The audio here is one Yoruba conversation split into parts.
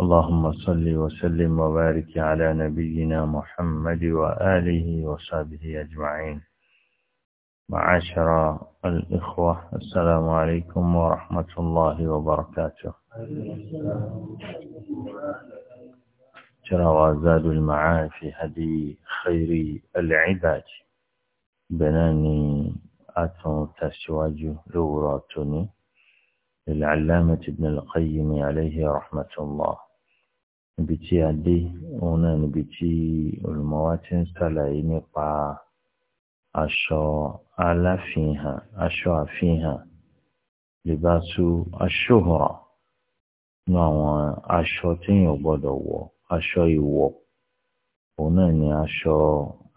اللهم صل وسلم وبارك على نبينا محمد وآله وصحبه أجمعين معاشر الإخوة السلام عليكم ورحمة الله وبركاته ترى وزاد المعافي هدي خير العباد بناني أتم تسواج لوراتني للعلامة ابن القيم عليه رحمة الله níbi tí a dé òun náà níbi tí olùmọ̀ wa ti ń ṣàlàyé nípa aṣọ aláfihàn aṣọ àfihàn libasu aṣóhàn nínú àwọn aṣọ téèyàn gbọ́dọ̀ wọ̀ aṣọ ìwọ̀ òun náà ni aṣọ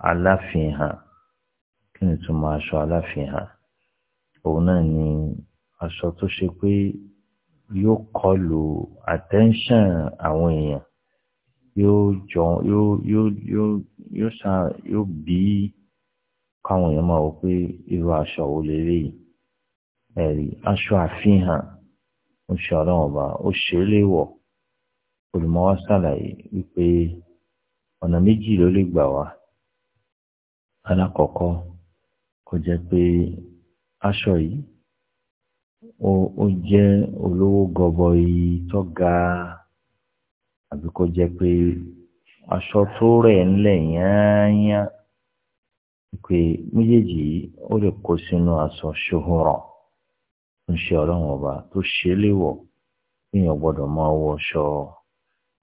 aláfihàn kí ni túmọ̀ aṣọ aláfihàn òun náà ni aṣọ tó ṣe pé yóò kọlu attention àwọn èèyàn yóò jọ sa yóò bí káwọn èèyàn máa wọ pé irú àfihàn ọba ṣe wípé ọ̀nà méjì ló lè gbà wá jẹ́ aṣọ jẹ́ olówó ga. àbí kó jẹ́ pé aṣọ tó rẹ̀ ńlẹ̀ yányá pé méjèèjì yìí ó lè kó sínú aṣọ ṣòhùrọ̀ tó ń ṣe ọlọ́run ọba tó ṣe é léwọ̀ èèyàn gbọ́dọ̀ máa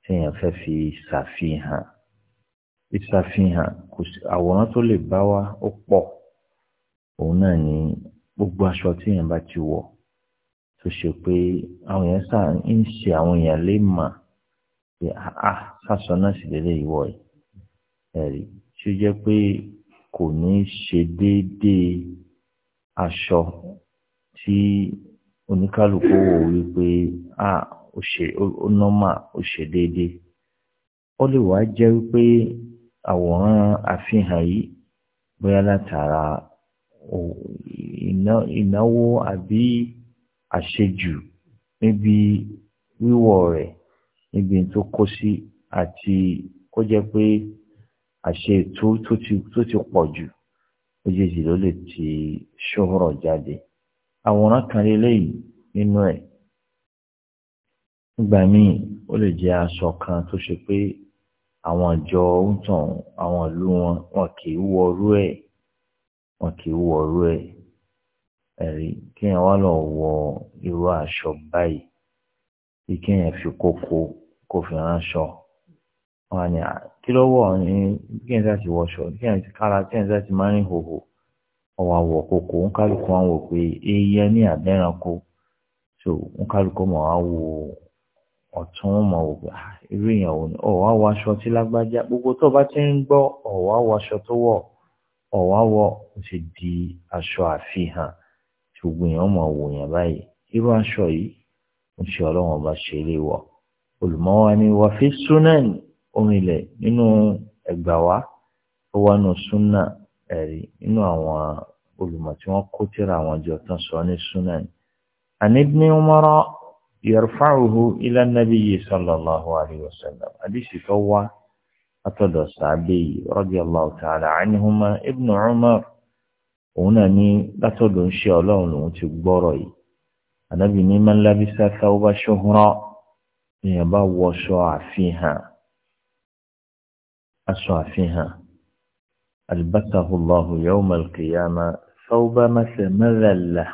téèyàn fẹ́ fi ṣàfihàn ìṣàfihàn àwòrán tó lè bá wa ó pọ̀ òun náà ni gbogbo aṣọ téèyàn bá ti wọ̀ tó ṣe pé àwọn èèyàn sáà ń ṣe àwọn èèyàn lè pé ah sásọ náà sì lélẹ̀ ìwọ ẹ̀ ẹ̀rí tí ó jẹ́ pé kò ní ṣe déédéé aṣọ tí oníkálukú wò wípé ah ó ṣe ó nọ́mà ó ṣe déédéé ó lè wá jẹ́ wípé àwòrán àfihàn yìí bóyá látara ìnáwó àbí àṣejù níbi wíwọ̀ rẹ̀ níbi tó kó sí àti kó jẹ́ pé àṣe ètò tó ti pọ̀ jù méjèèjì ló lè ti ṣòhòrò jáde àwòrán kan lélẹ́yìí nínú ẹ̀ nígbà míì ó lè jẹ́ aṣọ kan tó ṣe pé àwọn àjọ ń àwọn ìlú wọn wọn kì í wọrú ẹ̀ wọn kì í wọrú ẹ̀ ẹ̀rí kéèyàn wá lọ wọ irú aṣọ báyìí kí kéèyàn fi kókó kó fi ránṣọ wọn ni kí ló wọ̀ ní kí n sáà ti wọṣọ kí n ti kára kí n sáà ti máa ń hòhò ọwọ́ àwọ̀ kòkó ń kálukú wọn wò pé ní àdẹ́ranko so ń kálukú mọ̀ á ọ̀tún mọ̀ wò irú èèyàn ni ọ̀wọ́ àwọ̀ aṣọ tí lágbájá gbogbo tó bá ti ń gbọ́ ọ̀wọ́ àwọ̀ aṣọ tó wọ̀ ọ̀wọ́ àwọ̀ ó ti di aṣọ àfihàn ṣùgbọ́n èèyàn mọ̀ wò báyìí irú aṣọ yìí ń ṣe ọlọ́wọ́n ọba ṣe é léwọ̀ olùmọ́wá ni wà fi sunan omi ilẹ̀ nínú ẹgbà wa ó wà nù sunan ẹ̀rí nínú àwọn olùmọ̀ tí wọ́n kó tíra àwọn jọ tán sọ ní sunan. an ibn Umar yarfa'uhu ila nabiyyi sallallahu alayhi wa sallam àdìsí tó wá látọ̀dọ̀ sàbẹ̀ radiyallahu ta'ala anhuma ibn Umar òun náà ní látọ̀dọ̀ ń ṣe ọlọ́run lòun ti gbọ́rọ̀ yìí ànábì ní man labisa thawba shuhra. èèyàn bá wọṣọ àfihàn aṣọ àfihàn albatahu allahu yawma alqiyama sawba masamazala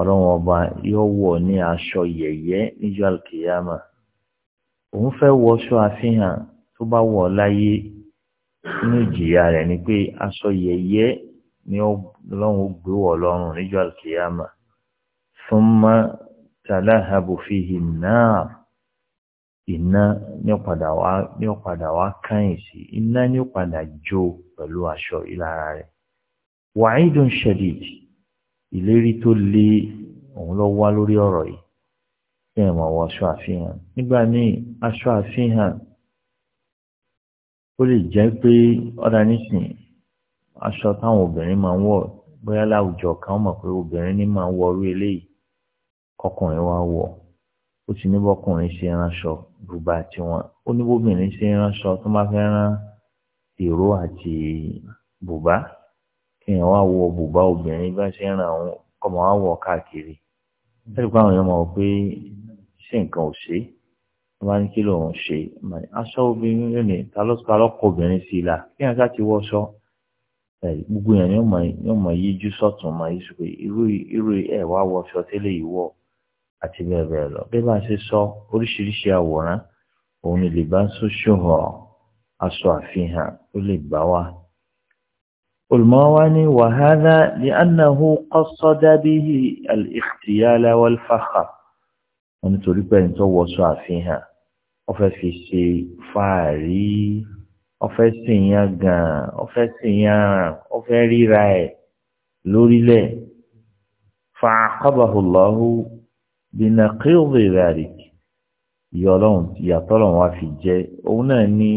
ọlọ́run ọba yóò wọ̀ ní aṣọ yẹ̀yẹ́ níjọ́ alkiyama òun fẹ́ wọṣọ àfihàn tó bá wọ̀ láyé inú ìjìyà rẹ̀ ni pé aṣọ yẹ̀yẹ́ ni ọlọ́run gbé wọ̀ lọ́rùn níjọ́ alkiyama thumma iná ní ọ̀padà wá ní ọ̀padà wá káyìn sí iná ní ọ̀padà jó pẹ̀lú aṣọ ìlara rẹ̀. le òun lọ wá lórí ọ̀rọ̀ yìí kí ẹ̀ wọ aṣọ àfihàn nígbà míì aṣọ àfihàn ó lè jẹ́ pé ọ̀dà nísìn aṣọ táwọn obìnrin máa ń wọ̀ bóyá láwùjọ kan mọ̀ pé obìnrin ní máa ń wọ orí eléyìí kọkùnrin wá wọ̀ ó ti ní bùbá tiwọn ó ní bóbìnrin ṣe ń ránṣọ tó máa fẹ́ rán ìró àti bùbá kéèyàn wá wọ bùbá obìnrin bá ṣe ń ràn òun kọ́mọ wá wọ káàkiri ẹ̀rí pé àwọn èèyàn mọ̀ pé ṣé nǹkan ò ṣe é wọ́n á ní kí lòun ṣe aṣọ obìnrin lónìí ta ló ta lọ́kọ̀ obìnrin sí i là kéèyàn sá ti wọṣọ gbogbo èèyàn yóò mọ̀ yíjú sọ̀tún mọ̀ yíṣu pé irú ẹ̀ wá wọṣọ tẹ́lẹ̀ yìí wọ̀ àti bẹ́ẹ̀ bẹ́ẹ̀ lọ bí bá ṣe sọ oríṣiríṣi àwòrán òun ni lè bá ṣoṣo hàn aṣọ àfihàn ó lè gbà wá. olùmọ́wá ní wàhálà ní annahu qasada bihi al-ikhtiyal wal-fakhr wọn nítorí pé ẹni tó wọṣọ àfihàn ó fẹ́ fi ṣe fàárí ó fẹ́ sìnyàn gan-an ó fẹ́ sìnyàn ó fẹ́ ríra ẹ̀ lórílẹ̀ fa'aqabahu بنقيض ذلك يلون ìyàtọ́lọ́run wa fi jẹ́ òun náà ní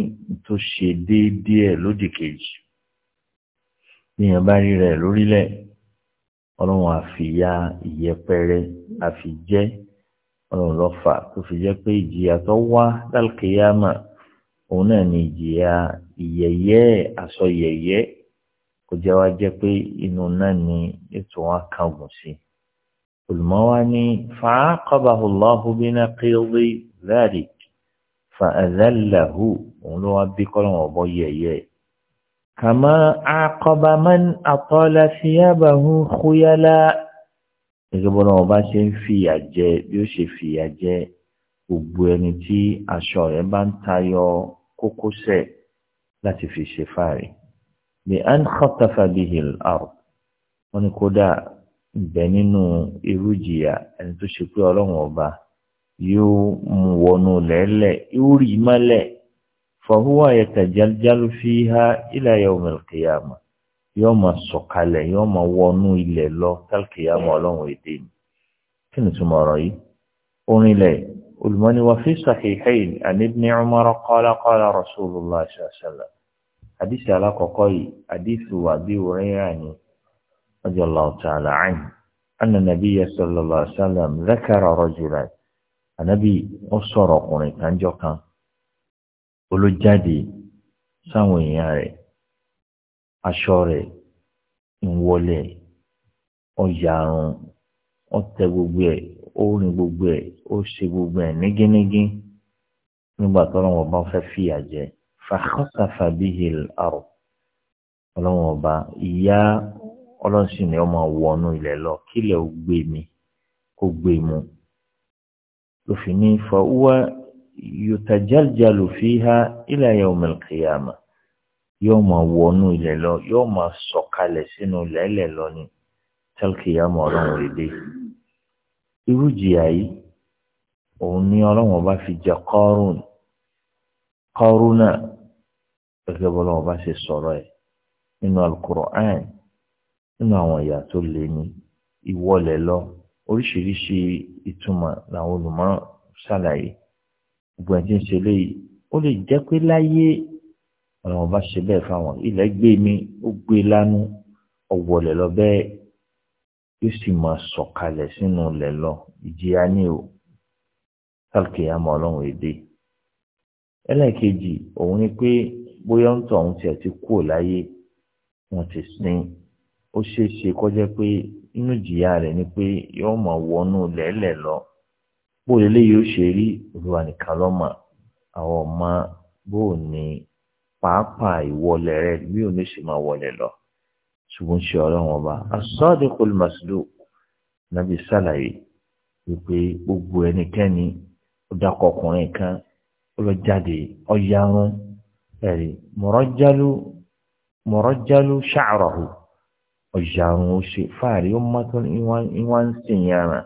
tó ṣe déédéé ẹ̀ lódì kejì èèyàn bá rí rẹ̀ lórílẹ̀ ọlọ́run àfìyà ìyẹpẹrẹ àfijẹ́ ọlọ́run lọ́fà tó fi jẹ́ pé ìjìyà tó wá lálùkìyàmà òun náà ní ìjìyà ìyẹyẹ aṣọ kò jẹ́ wá jẹ́ pé inú náà ni ètò wọn kàgùn sí i olùmọ́wání fàákọ́bàhù lọ́hùbínà kílí láàdì fàázàláhù òun ló wá bí kọ́lọ́n ọ̀bọ yẹ̀yẹ́ kàmá àkọ́bà man àtọ́lá síyábàhù kúyálá gẹ́gẹ́ bọ́lá wọn bá ṣe ń fìyà jẹ bí ó ṣe fìyà jẹ gbogbo ẹni tí aṣọ rẹ̀ bá ń tayọ kókósẹ̀ láti fi ṣe fáàrí. bí an khatafa bihi al-ard wọn ni kódà bẹ nínú irú ìjìyà ẹni tó ṣe pé ọlọ́run ọba yóò mú wọnú lẹ́lẹ̀ yóò rí mọ́lẹ̀ fọwọ́ yatajaljalu fiha ila yawmil qiyamah yóò máa sọ̀kalẹ̀ yóò máa wọnú ilẹ̀ lọ kálkìyàmọ̀ ọlọ́run èdè ni kí ni túmọ̀ ọ̀rọ̀ yìí orin ilẹ̀ olùmọ́ni wa fi sahihayn an ibn Umar qala qala rasulullah àdìsí alákọ̀ọ́kọ́ yìí àdìsí wàbí orin ìrànìyàn رضي الله تعالى عنه أن النبي صلى الله عليه وسلم ذكر رجلا النبي أصر قرن كان جوكا olójáde sáwọn èèyàn rẹ̀ aṣọ rẹ̀ ìwọlẹ ọyàrùn ọtẹ gbogbo ẹ̀ ó rìn gbogbo ẹ̀ ó ṣe gbogbo ẹ̀ nígínnígín nígbà tó lọ́wọ́ bá fẹ́ fìyà jẹ fàkọ́sàfà bíi hìl àrò ọlọ́wọ́ bá ìyá ọlọ́run sì ni ọmọ wọnú ilẹ̀ lọ kílẹ̀ ó gbé mi kó gbé mu lófin ní fàwọ́ yòtàjáljalù fi ha ila yawmil qiyamah yóò máa wọnú ilẹ̀ lọ yóò máa sọ̀kalẹ̀ sínú lẹ́lẹ̀ lọ ni tẹ́lkìyàmọ̀ ọlọ́run lédè irú jìyà yìí òun ni ọlọ́run ọba fi jẹ kọ́rùn kọ́rùn náà gẹ́gẹ́ bọ́lá ọba ṣe sọ̀rọ̀ ẹ̀ nínú al-Qur'an nínú àwọn ìyà tó lé ní ìwọlẹ̀ lọ oríṣiríṣi ìtumọ̀ làwọn olùmọ̀ ṣàlàyé gbogbo ẹni tí ń ṣe léyìí ó lè jẹ́ pé láyé ọ̀ràn ọba ṣe bẹ́ẹ̀ fáwọn ilẹ̀ gbé mi ó gbé lánú ọ̀wọ̀lẹ̀ lọ bẹ́ẹ̀ yóò sì máa sọ̀kalẹ̀ sínú ilẹ̀ lọ ìjìyà ní o sálùkì àmọ́ ọlọ́run èdè ẹlẹ́ẹ̀kejì òun ni pé bóyá ń tọ́ àwọn tiẹ̀ ti kú láyé wọ́n ti sin ó ṣeé ṣe kọjá pé inú ìjìyà rẹ̀ ni pé yóò mọ̀ wọnú lẹ́lẹ̀ lọ bó lélé yóò ṣe rí olúwa nìkan lọ́mọ àwọn ọmọ bó ní pàápàá ìwọlẹ̀ rẹ̀ bí òun ló ṣe máa wọlé lọ ṣùgbọ́n ṣe ọlọ́run ọba as-sadiqul masduq nàbí sàlàyé wípé gbogbo ẹnikẹ́ni ó dákọ̀ ọkùnrin kan ó lọ jáde ọ̀yàrún ẹ̀rí mọ̀rọ̀jálú mọ̀rọ̀jálú sha'rahu. ọ̀yàrùn ó ṣe fáàrí ó mọ́ tó ní wá ń sìn yàrá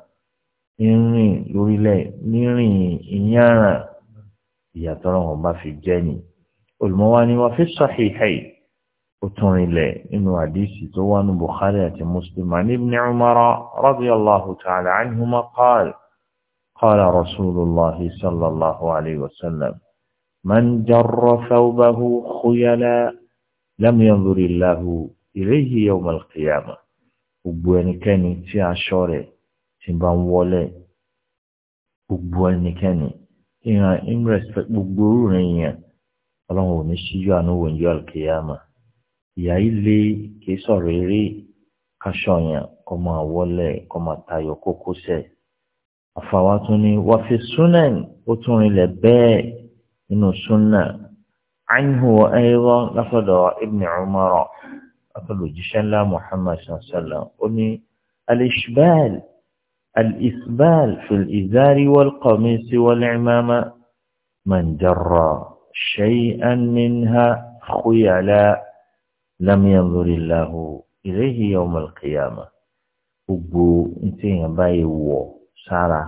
ń rìn lórílẹ̀ ní rìn ìyàrá ìyàtọ̀ ọ̀rọ̀ wọn bá fi jẹ́ ni olùmọ́wá ni wọ́n fi sahihayn ó tún rinlẹ̀ nínú àdìsí tó wà ní Bukhari àti Muslim ní Ibn Umar radiyallahu ta'ala anhuma qala qala Rasulullah sallallahu alayhi wa sallam man jarra thawbahu khuyala lam yanzur Allahu ilayhi yawm al-qiyamah gbogbo ẹnikẹ́ni tí aṣọ rẹ̀ ti bá ń wọlé gbogbo ẹnikẹ́ni ìhàn in respect gbogbo orúurú yẹn ọlọ́run ò ní ṣíjú àánú wò ní alkiyama ìyá ilé kì í sọ̀rọ̀ eré kaṣọ yẹn kọ́ máa wọlé kọ́ máa tayọ kókósẹ̀ àfàwa tún ní wà fi sunan ó tún rinlẹ̀ bẹ́ẹ̀ nínú sunan anhu wa ayran àtọlòjíṣẹ́ ńlá Muhammad sallam ó ní alishbal alisbal fil izari wal qamisi wal imama man jarra shay'an minha khuyala lam yanzurillahu ilayhi yawm al-qiyamah gbogbo ntí èèyàn báyìí wọ̀ sára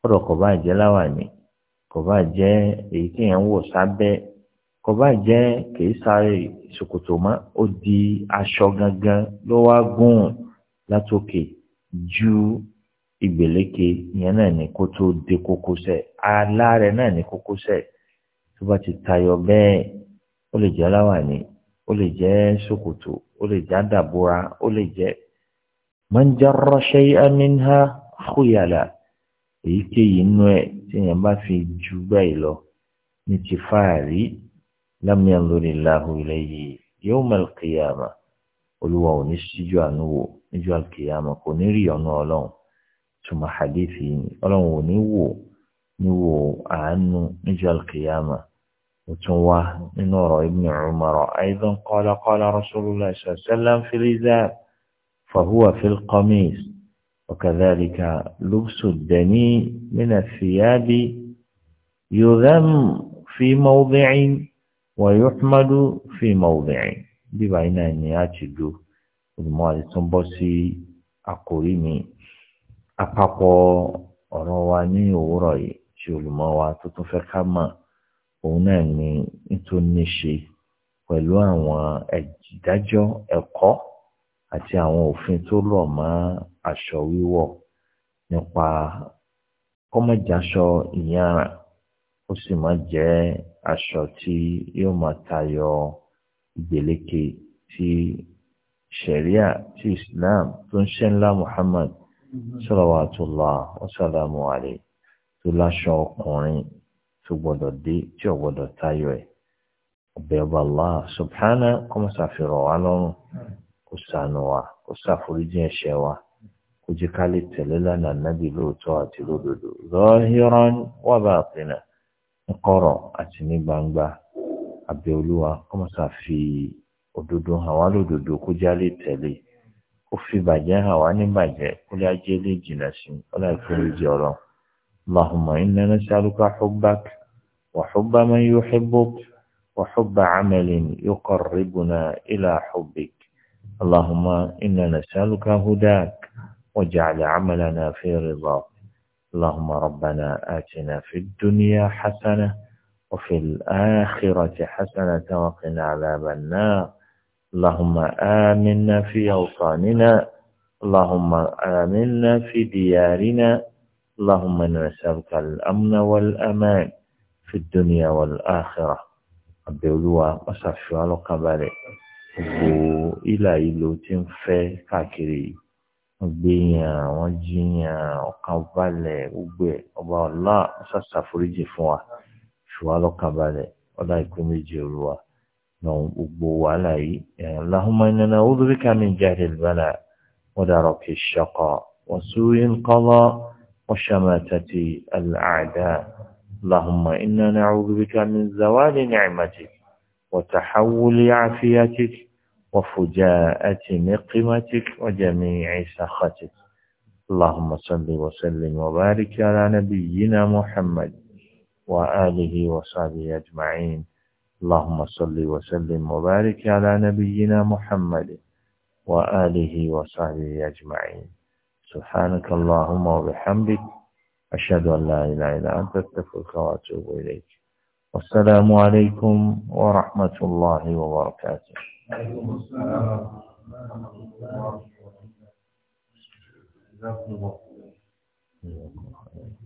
kọ́dọ̀ kò bá jẹ́ láwàní kò bá jẹ́ èyí tí èèyàn wọ̀ sábẹ́ kọba jẹ́ kìí sáré ṣòkòtò mọ́ ó di aṣọ gangan ló wá gùn látòkè ju ìgbèléke yẹn náà ní kó tó dé kókósẹ̀ aláàrẹ náà ní kókósẹ̀ tó bá ti tayọ bẹ́ẹ̀ ó lè jẹ́ láwàní ó lè jẹ́ ṣòkòtò ó lè jẹ́ àdàbúra ó lè jẹ́ mọ́njárọ́ amínhá fúyàlà èyíkéyìí nú ẹ̀ tí yẹn bá fi ju bẹ́ẹ̀ lọ ní ti fáàrí لم ينظر الله إليه يوم القيامة قل هو نشي جوانو القيامة قل نري ينالون ثم حديثين قل هو نيو نيو عنو القيامة وتوا نور ابن عمر أيضا قال قال رسول الله صلى الله عليه وسلم في الإزار فهو في القميص وكذلك لبس الدني من الثياب يذم في موضع wàyọ̀hùmádù fi mawdi'i bíbá iná ni a ti do olùmọ̀ àti tó ń bọ́ sí àkòrí mi àpapọ̀ ọ̀rọ̀ wa ní òwúrọ̀ yìí tí olùmọ̀ wa tó tún fẹ́ ká mọ̀ òun náà ni tó ní ṣe pẹ̀lú àwọn aṣọ wíwọ̀ nípa kọ́mọ̀jáṣọ ìyára ó aṣọ tí yóò máa tayọ ìgbèléke ti sharia ti islam tó ń ṣe ńlá muhammad salawatullah wasalamu alayhi tó láṣọ ọkùnrin tó gbọdọ̀ dé tí ò gbọdọ̀ tayọ ẹ̀ allah lọ́rùn wa kó ṣàforíjì ẹ̀ṣẹ̀ wa jẹ́ ká lè tẹ̀lé lánàá nábì lóòótọ́ àti lódodo ní kọ̀rọ̀ àti ní gbangba àbẹ̀ olúwa kọ́mọ́sà fi òdodo hàn wá lódodo kó jálè tẹ̀lé ó fi bàjẹ́ hàn wá ní bàjẹ́ kó lè ajé lè jìnà sí i ó láì fún ìjì ọ̀rọ̀ Allahumma inna nas'aluka hubbak wa hubba man yuhibbuk wa hubba 'amalin yuqarribuna ila hubbik Allahumma inna nas'aluka hudak waj'al 'amalana fi ridak. اللهم ربنا آتنا في الدنيا حسنة وفي الآخرة حسنة وقنا عذاب النار اللهم آمنا في أوطاننا اللهم آمنا في ديارنا اللهم نسألك الأمن والأمان في الدنيا والآخرة ربي ولوا wọ́n على ọlọ́kàn إلى إلى تنفي كاكري wọ́n gbé yàn wọ́n jí yàn ọkàn balẹ̀ gbogbo ẹ̀ ọba ọ̀la ṣàṣà foríjì fún wa ṣùgbọ́n lọ́kàn balẹ̀ ọ̀la ìkú méjì olúwa náà gbogbo wàhálà yìí Allahumma innana a'udhu bika min jahdi al-bala wa daraki ash-shaqa wa su'i al-qada wa shamatati al-a'da اللهم إنا نعوذ بك من زوال نعمتك وتحول عافيتك وفجاءة نقمتك وجميع سخطك اللهم صل وسلم وبارك على نبينا محمد وآله وصحبه أجمعين اللهم صل وسلم وبارك على نبينا محمد وآله وصحبه أجمعين سبحانك اللهم وبحمدك أشهد أن لا إله إلا أنت أستغفرك وأتوب إليك والسلام عليكم ورحمة الله وبركاته جزاكم الله خيرا